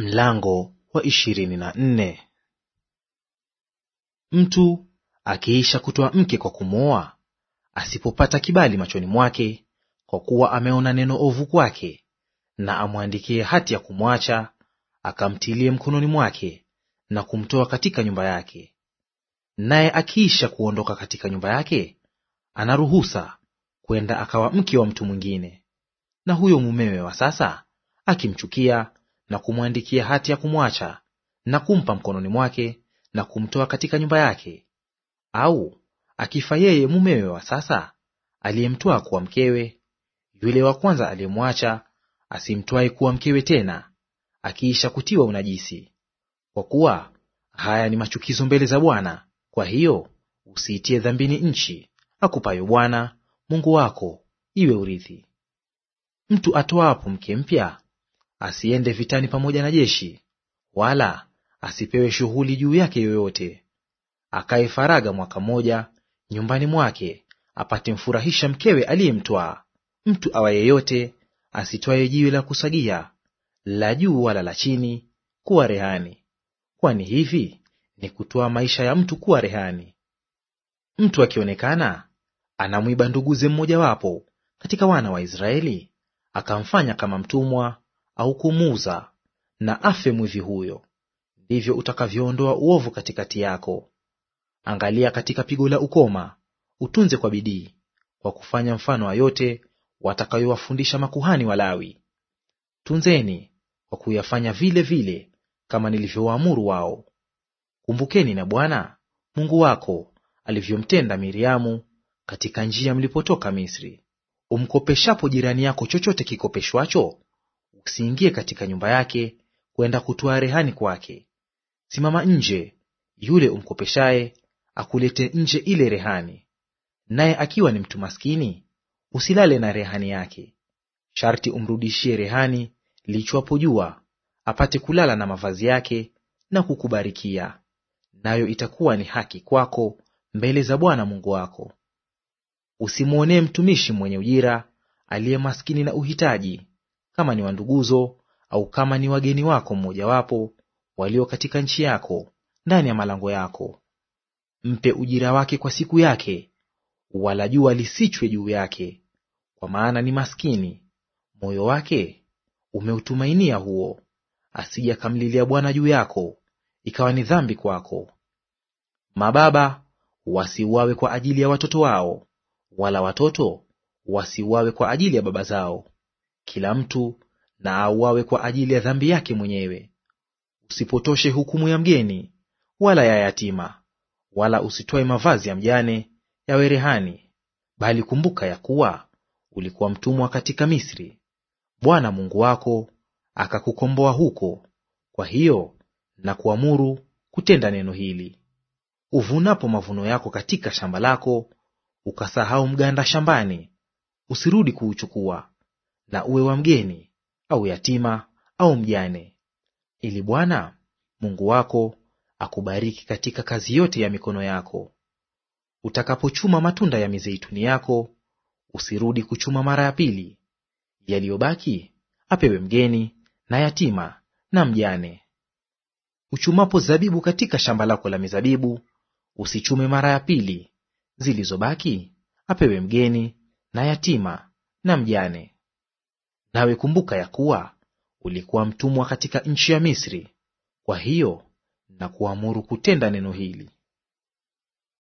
Mlango wa ishirini na nne. Mtu akiisha kutoa mke kwa kumwoa, asipopata kibali machoni mwake, kwa kuwa ameona neno ovu kwake, na amwandikie hati ya kumwacha, akamtilie mkononi mwake na kumtoa katika nyumba yake. Naye akiisha kuondoka katika nyumba yake, anaruhusa kwenda akawa mke wa mtu mwingine. Na huyo mumewe wa sasa akimchukia na kumwandikia hati ya kumwacha na kumpa mkononi mwake na kumtoa katika nyumba yake, au akifa yeye mumewe wa sasa aliyemtwaa kuwa mkewe, yule wa kwanza aliyemwacha asimtwae kuwa mkewe tena, akiisha kutiwa unajisi. Kwa kuwa haya ni machukizo mbele za Bwana. Kwa hiyo usiitie dhambini nchi akupayo Bwana Mungu wako iwe urithi. Mtu atoapo mke mpya asiende vitani pamoja na jeshi, wala asipewe shughuli juu yake yoyote; akae faraga mwaka mmoja nyumbani mwake, apate mfurahisha mkewe aliyemtwaa. Mtu awa yeyote asitwaye jiwe la kusagia la juu wala la chini kuwa rehani, kwani hivi ni kutoa maisha ya mtu kuwa rehani. Mtu akionekana anamwiba nduguze mmojawapo katika wana wa Israeli, akamfanya kama mtumwa au kumuuza, na afe mwivi huyo; ndivyo utakavyoondoa uovu katikati yako. Angalia katika pigo la ukoma, utunze kwa bidii, kwa kufanya mfano wa yote watakayowafundisha makuhani Walawi. Tunzeni kwa kuyafanya vile vile kama nilivyowaamuru wao. Kumbukeni na Bwana Mungu wako alivyomtenda Miriamu katika njia mlipotoka Misri. Umkopeshapo jirani yako chochote kikopeshwacho, usiingie katika nyumba yake kwenda kutoa rehani kwake. Simama nje, yule umkopeshaye akulete nje ile rehani, naye akiwa ni mtu maskini, usilale na rehani yake. Sharti umrudishie rehani lichwapo jua, apate kulala na mavazi yake na kukubarikia, nayo itakuwa ni haki kwako mbele za Bwana Mungu wako. Usimwonee mtumishi mwenye ujira aliye maskini na uhitaji, kama ni wanduguzo au kama ni wageni wako mmojawapo walio katika nchi yako ndani ya malango yako. Mpe ujira wake kwa siku yake, wala jua lisichwe juu yake, kwa maana ni maskini; moyo wake umeutumainia huo, asija kamlilia Bwana juu yako, ikawa ni dhambi kwako. Mababa wasiuawe kwa ajili ya watoto wao, wala watoto wasiuawe kwa ajili ya baba zao. Kila mtu na auawe kwa ajili ya dhambi yake mwenyewe. Usipotoshe hukumu ya mgeni wala ya yatima, wala usitoe mavazi ya mjane yawe rehani, bali kumbuka ya kuwa ulikuwa mtumwa katika Misri. Bwana Mungu wako akakukomboa huko. Kwa hiyo nakuamuru kutenda neno hili. Uvunapo mavuno yako katika shamba lako, ukasahau mganda shambani, usirudi kuuchukua, na uwe wa mgeni au yatima au mjane, ili Bwana Mungu wako akubariki katika kazi yote ya mikono yako. Utakapochuma matunda ya mizeituni yako, usirudi kuchuma mara ya pili; yaliyobaki apewe mgeni na yatima na mjane. Uchumapo zabibu katika shamba lako la mizabibu, usichume mara ya pili; zilizobaki apewe mgeni na yatima na mjane. Nawe kumbuka ya kuwa ulikuwa mtumwa katika nchi ya Misri; kwa hiyo nakuamuru kutenda neno hili.